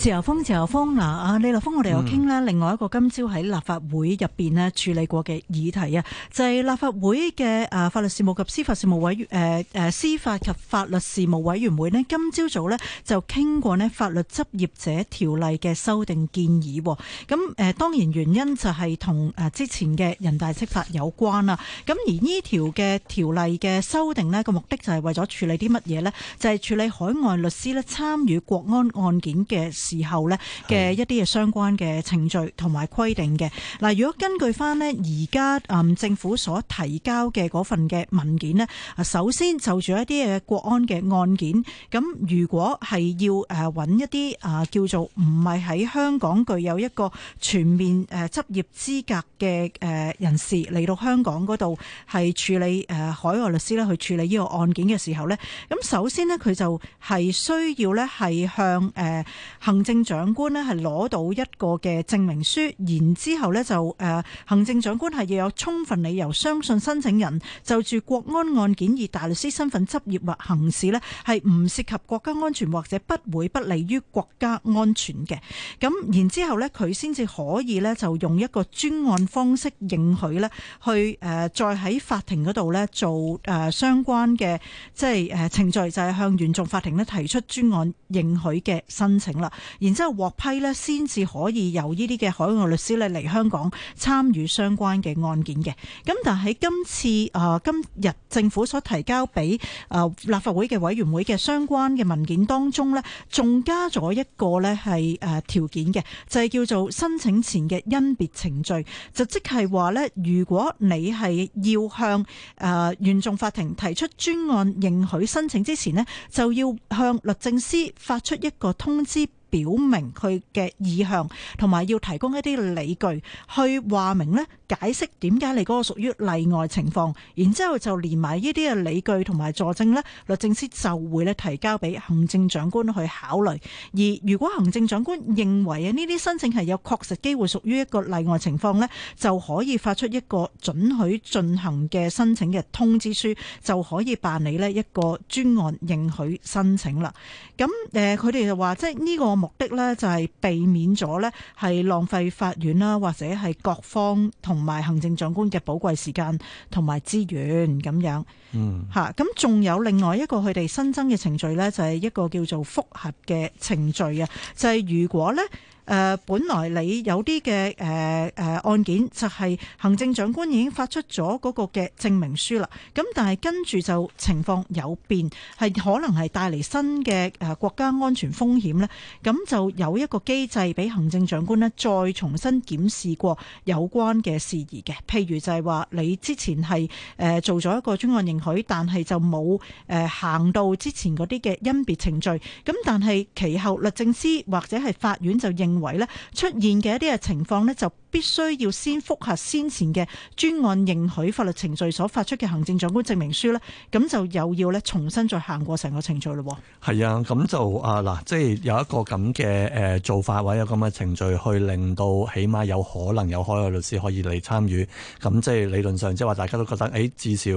自由風，自由風嗱、啊，李立峰，我哋又傾啦，另外一個今朝喺立法會入面呢處理過嘅議題啊，嗯、就係立法會嘅法律事務及司法事務委員誒、呃、司法及法律事務委員會呢今朝早呢就傾過呢法律執業者條例嘅修訂建議。咁誒當然原因就係同之前嘅人大釋法有關啦。咁而呢條嘅條例嘅修訂呢個目的就係為咗處理啲乜嘢呢？就係、是、處理海外律師呢參與國安案件嘅事後咧嘅一啲嘅相關嘅程序同埋規定嘅嗱，如果根據翻咧而家啊政府所提交嘅嗰份嘅文件咧，首先就住一啲嘅國安嘅案件，咁如果係要誒揾一啲啊叫做唔係喺香港具有一個全面誒執業資格嘅誒人士嚟到香港嗰度係處理誒海外律師咧去處理呢個案件嘅時候咧，咁首先咧佢就係需要咧係向誒行。行政長官咧係攞到一個嘅證明書，然之後咧就誒、呃，行政長官係要有充分理由相信申請人就住國安案件以大律師身份執業或行事咧係唔涉及國家安全或者不會不利於國家安全嘅，咁然之後咧佢先至可以咧就用一個專案方式認許咧去誒、呃、再喺法庭嗰度咧做誒、呃、相關嘅即係誒、呃、程序，就係、是、向原訟法庭咧提出專案認許嘅申請啦。然之後獲批先至可以由呢啲嘅海外律師咧嚟香港參與相關嘅案件嘅。咁但係今次啊、呃、今日政府所提交俾啊立法會嘅委員會嘅相關嘅文件當中呢，仲加咗一個呢係條件嘅，就係、是、叫做申請前嘅甄別程序，就即係話呢，如果你係要向、呃、原訟法庭提出專案認許申請之前呢，就要向律政司發出一個通知。表明佢嘅意向，同埋要提供一啲理據去話明咧，解釋點解你嗰個屬於例外情況，然之後就連埋呢啲嘅理據同埋佐證咧，律政司就會咧提交俾行政長官去考慮。而如果行政長官認為啊，呢啲申請係有確實機會屬於一個例外情況咧，就可以發出一個准許進行嘅申請嘅通知書，就可以辦理咧一個專案認許申請啦。咁誒，佢哋就話即係呢個。目的咧就係避免咗咧係浪費法院啦，或者係各方同埋行政長官嘅寶貴時間同埋資源咁樣。嗯，吓咁仲有另外一個佢哋新增嘅程序咧，就係一個叫做覆核嘅程序啊，就係如果咧。誒、呃，本來你有啲嘅誒誒案件就係行政長官已經發出咗嗰個嘅證明書啦。咁但係跟住就情況有變，係可能係帶嚟新嘅誒國家安全風險咧。咁就有一個機制俾行政長官咧，再重新檢視過有關嘅事宜嘅。譬如就係話你之前係誒做咗一個專案認許，但係就冇誒行到之前嗰啲嘅甄別程序。咁但係其後律政司或者係法院就認為咧出現嘅一啲嘅情況咧就。必須要先複核先前嘅專案認許法律程序所發出嘅行政長官證明書咧，咁就又要咧重新再行過成個程序咯。係啊，咁就啊嗱，即係有一個咁嘅誒做法或者有咁嘅程序，去令到起碼有可能有海外律師可以嚟參與，咁即係理論上即係話大家都覺得，誒、哎、至少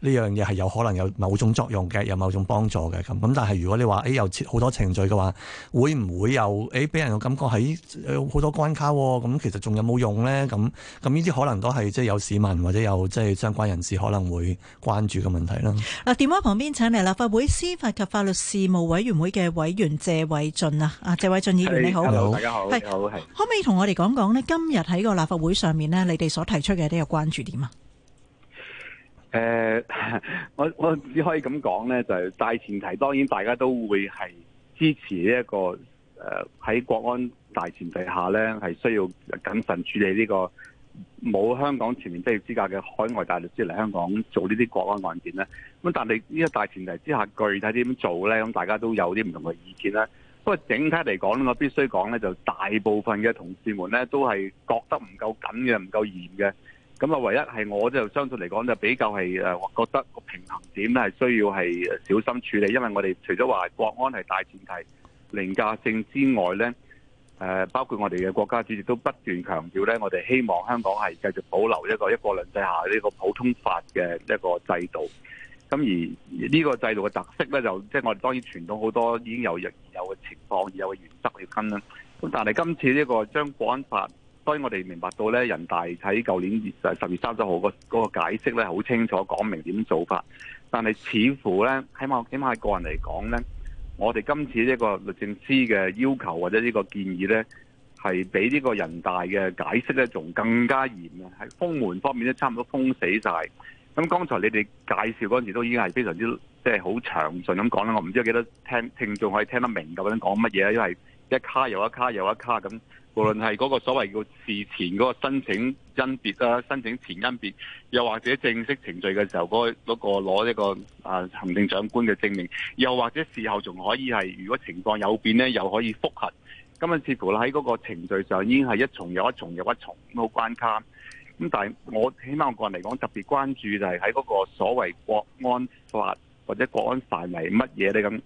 呢樣嘢係有可能有某種作用嘅，有某種幫助嘅咁。咁但係如果你話誒、哎、有好多程序嘅話會唔會有誒俾、哎、人嘅感覺，喺、哎、好多關卡咁、哦、其實仲有冇？用咧，咁咁呢啲可能都係即係有市民或者有即係相關人士可能會關注嘅問題啦。嗱，電話旁邊請嚟立法會司法及法律事務委員會嘅委員謝偉俊啊，啊謝偉俊議員你好，Hello, 是大家好，是你好，係可唔可以同我哋講講呢？今日喺個立法會上面呢，你哋所提出嘅呢個關注點啊？誒、uh,，我我只可以咁講呢，就係、是、大前提，當然大家都會係支持呢、這、一個誒喺、呃、國安。大前提下咧，係需要謹慎處理呢個冇香港前面職業資格嘅海外大律師嚟香港做呢啲國安案件咧。咁但係呢一大前提之下，具體點做咧，咁大家都有啲唔同嘅意見啦。不過整體嚟講，我必須講咧，就大部分嘅同事們咧，都係覺得唔夠緊嘅，唔夠嚴嘅。咁啊，唯一係我就相對嚟講就比較係誒覺得個平衡點咧，係需要係小心處理，因為我哋除咗話國安係大前提凌駕性之外咧。誒，包括我哋嘅國家主席都不斷強調咧，我哋希望香港係繼續保留一個一國兩制下呢個普通法嘅一個制度。咁而呢個制度嘅特色咧，就即係我哋當然傳統好多已經有有嘅情況、而有嘅原則去跟啦。咁但係今次呢個將《國安法》，當然我哋明白到咧，人大喺舊年十月三十號個嗰個解釋咧，好清楚講明點做法。但係似乎咧，起碼起碼個人嚟講咧。我哋今次呢個律政司嘅要求或者呢個建議呢，係比呢個人大嘅解釋呢仲更加嚴啊！係封門方面咧，差唔多封死晒。咁剛才你哋介紹嗰陣時，都已經係非常之即係好詳盡咁講啦。我唔知有幾多聽聽眾可以聽得明咁樣講乜嘢，因為一卡又一卡又一卡咁。無論係嗰個所謂叫事前嗰個申請甄別啦，申請前甄別，又或者正式程序嘅時候，嗰個攞一個啊行政長官嘅證明，又或者事後仲可以係，如果情況有變咧，又可以複核。咁啊，似乎喺嗰個程序上已經係一重又一重又一重好嘅關卡。咁但係我起碼我個人嚟講，特別關注就係喺嗰個所謂國安法或者國安範圍乜嘢咧咁，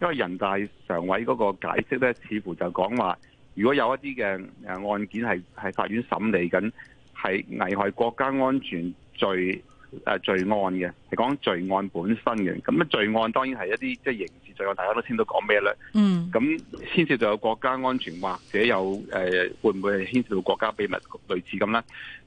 因為人大常委嗰個解釋咧，似乎就講話。如果有一啲嘅誒案件係係法院審理緊，係危害國家安全罪誒罪案嘅，係講罪案本身嘅。咁罪案當然係一啲即係刑事罪案，大家都聽到講咩啦。嗯。咁牽涉到有國家安全，或者有誒會唔會係牽涉到國家秘密類似咁啦。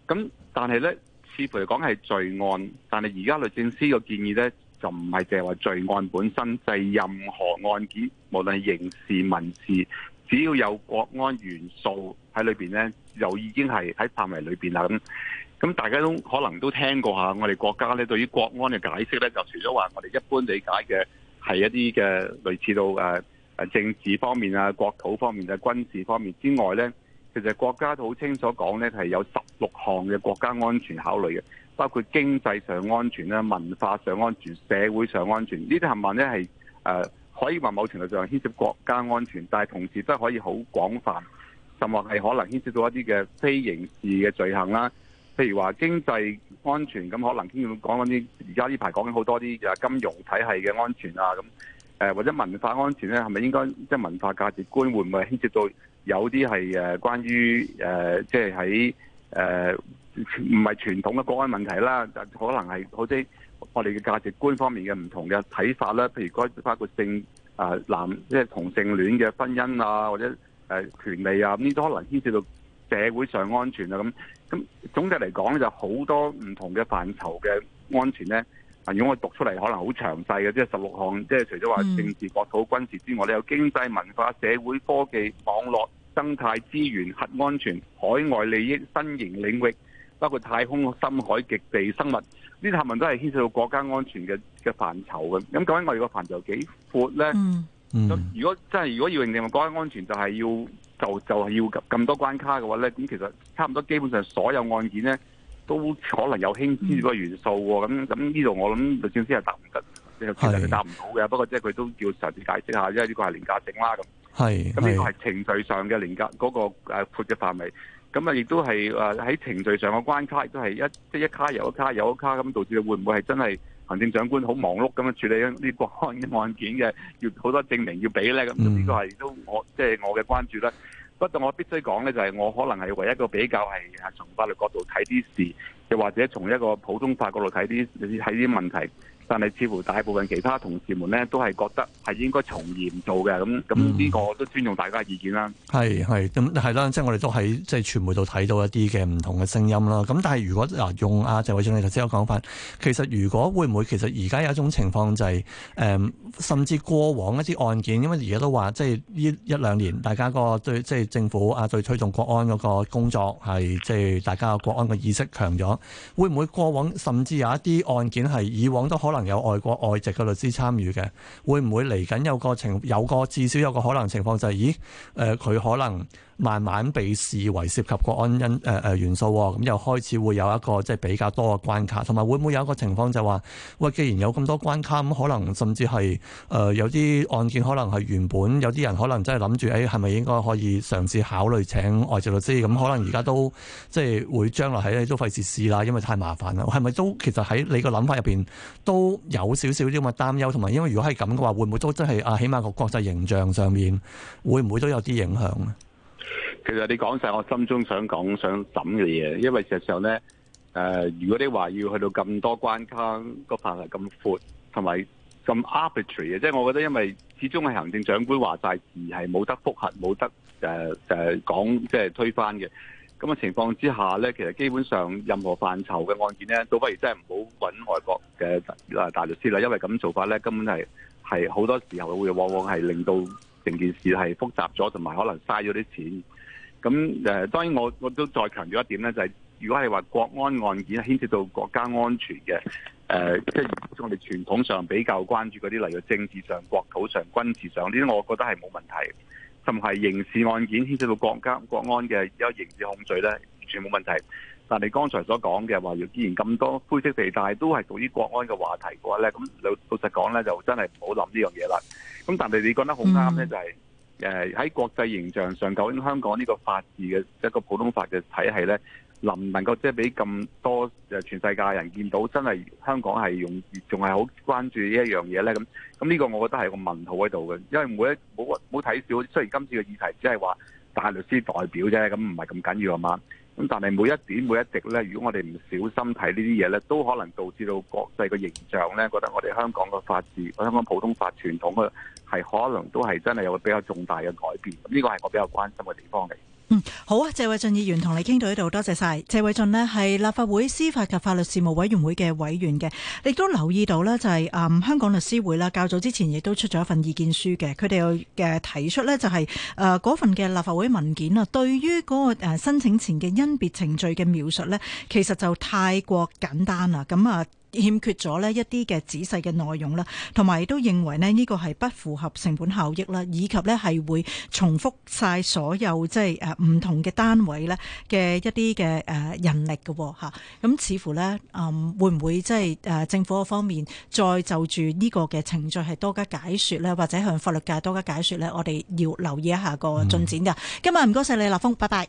咁但係咧，似乎嚟講係罪案，但係而家律政司嘅建議咧，就唔係淨係話罪案本身，係任何案件，無論係刑事、民事。只要有國安元素喺裏面呢，又已經係喺範圍裏面啦。咁咁大家都可能都聽過下，我哋國家呢對於國安嘅解釋呢，就除咗話我哋一般理解嘅係一啲嘅類似到、啊、政治方面啊、國土方面啊、軍事方面之外呢，其實國家都好清楚講呢，係有十六項嘅國家安全考慮嘅，包括經濟上安全啦、文化上安全、社會上安全，全呢啲係咪呢？係、呃、誒。可以話某程度上牽涉國家安全，但係同時真係可以好廣泛，甚或係可能牽涉到一啲嘅非刑事嘅罪行啦。譬如話經濟安全，咁可能牽涉到講緊啲而家呢排講緊好多啲金融體系嘅安全啊，咁誒或者文化安全咧，係咪應該即係、就是、文化價值觀會唔會牽涉到有啲係誒關於誒即係喺誒唔係傳統嘅國安問題啦？可能係好似。我哋嘅價值觀方面嘅唔同嘅睇法啦，譬如嗰包括性啊男即係、就是、同性戀嘅婚姻啊，或者誒權利啊，呢啲都可能牽涉到社會上安全啊咁。咁總體嚟講咧，就好、是、多唔同嘅範疇嘅安全咧。如果我讀出嚟，可能好詳細嘅，即係十六項，即、就、係、是、除咗話政治、國土、軍事之外，咧有經濟、文化、社會、科技、網絡、生態、資源、核安全、海外利益、新型領域。包括太空、深海、極地生物，呢啲探問都係牽涉到國家安全嘅嘅範疇嘅。咁究竟我哋個範疇幾闊咧？咁、嗯嗯、如果真係如果要認定話國家安全就係要就就係、是、要咁多關卡嘅話咧，咁其實差唔多基本上所有案件咧都可能有牽涉嗰個元素喎。咁咁呢度我諗律政司係答唔得，即是實係答唔到嘅。不過即係佢都要實質解釋下，因為呢個係連假證啦咁。係咁呢個係程序上嘅連假嗰個誒闊嘅範圍。咁啊，亦都係喺程序上嘅關卡，亦都係一即係一卡又一卡，又一卡咁，導致會唔會係真係行政長官好忙碌咁樣處理呢個案件嘅，要好多證明要俾咧咁，呢個係都我即係、就是、我嘅關注啦。不過我必須講咧，就係我可能係唯一一個比較係從法律角度睇啲事，又或者從一個普通法角度睇啲睇啲問題。但係似乎大部分其他同事們呢，都係覺得係應該從嚴做嘅。咁咁呢個我都尊重大家嘅意見啦。係、嗯，係，咁係啦，即係我哋都喺即係傳媒度睇到一啲嘅唔同嘅聲音啦。咁但係如果嗱、啊，用阿謝偉俊你頭先嘅講法，其實如果會唔會其實而家有一種情況就係、是、誒、嗯、甚至過往一啲案件，因為而家都話即係呢一兩年，大家個對即係政府啊，對推動國安嗰個工作係即係大家嘅國安嘅意識強咗，會唔會過往甚至有一啲案件係以往都可能？可能有外國外籍嘅律師參與嘅，會唔會嚟緊有個情，有個至少有個可能情況就係、是，咦？誒、呃，佢可能慢慢被視為涉及國安因誒誒、呃呃、元素，咁、哦、又開始會有一個即係比較多嘅關卡，同埋會唔會有一個情況就係話、是，喂，既然有咁多關卡，咁可能甚至係誒、呃、有啲案件可能係原本有啲人可能真係諗住，誒、哎，係咪應該可以嘗試考慮請外籍律師？咁、嗯、可能而家都即係會將來喺、哎、都費事試啦，因為太麻煩啦。係咪都其實喺你個諗法入邊都？都有少少啲咁嘅擔憂，同埋因為如果係咁嘅話，會唔會都真係啊？起碼個國際形象上面，會唔會都有啲影響咧？其實你講晒，我心中想講想審嘅嘢。因為事實上咧，誒、呃，如果你話要去到咁多關卡，個範圍咁闊同埋咁 arbitrary 嘅，即係我覺得，因為始終係行政長官話晒，而係冇得複核，冇得誒誒講即係推翻嘅。咁嘅情況之下呢，其實基本上任何範疇嘅案件呢，倒不如真係唔好揾外國嘅大律師啦，因為咁做法呢，根本係係好多時候會往往係令到成件事係複雜咗，同埋可能嘥咗啲錢。咁誒、呃，當然我我都再強調一點呢、就是，就係如果係話國安案件牽涉到國家安全嘅，誒、呃，即係我哋傳統上比較關注嗰啲，例如政治上、國土上、軍事上呢啲，我覺得係冇問題。甚至刑事案件牽涉到國家國安嘅有刑事控罪咧，完全冇問題。但你剛才所講嘅話，要既然咁多灰色地帶都係屬於國安嘅話題嘅話咧，咁老老實講咧，就真係唔好諗呢樣嘢啦。咁但係你講得好啱咧，就係誒喺國際形象上，究竟香港呢個法治嘅一個普通法嘅體系咧？能唔能夠即係俾咁多誒全世界人見到，真係香港係用仲係好關注呢一樣嘢咧？咁咁呢個我覺得係個問號喺度嘅，因為每一冇冇睇少。雖然今次嘅議題只係話大律師代表啫，咁唔係咁緊要啊嘛。咁但係每一點每一滴咧，如果我哋唔小心睇呢啲嘢咧，都可能導致到國際嘅形象咧，覺得我哋香港嘅法治、香港普通法傳統嘅係可能都係真係有個比較重大嘅改變。咁呢個係我比較關心嘅地方嚟。嗯，好啊，謝偉俊議員同你傾到呢度，多謝晒。謝偉俊呢係立法會司法及法律事務委員會嘅委員嘅，你亦都留意到啦，就是，就係誒香港律師會啦，較早之前亦都出咗一份意見書嘅，佢哋嘅提出呢就係誒嗰份嘅立法會文件啊，對於嗰個誒申請前嘅甄別程序嘅描述呢，其實就太過簡單啦，咁、嗯、啊。欠缺咗呢一啲嘅仔細嘅內容啦，同埋亦都認為呢，呢個係不符合成本效益啦，以及呢，係會重複晒所有即係誒唔同嘅單位咧嘅一啲嘅誒人力嘅吓，咁似乎呢，誒會唔會即係誒政府嘅方面再就住呢個嘅程序係多加解說呢，或者向法律界多加解說呢，我哋要留意一下個進展㗎。嗯、今日唔該晒你，立峰拜拜。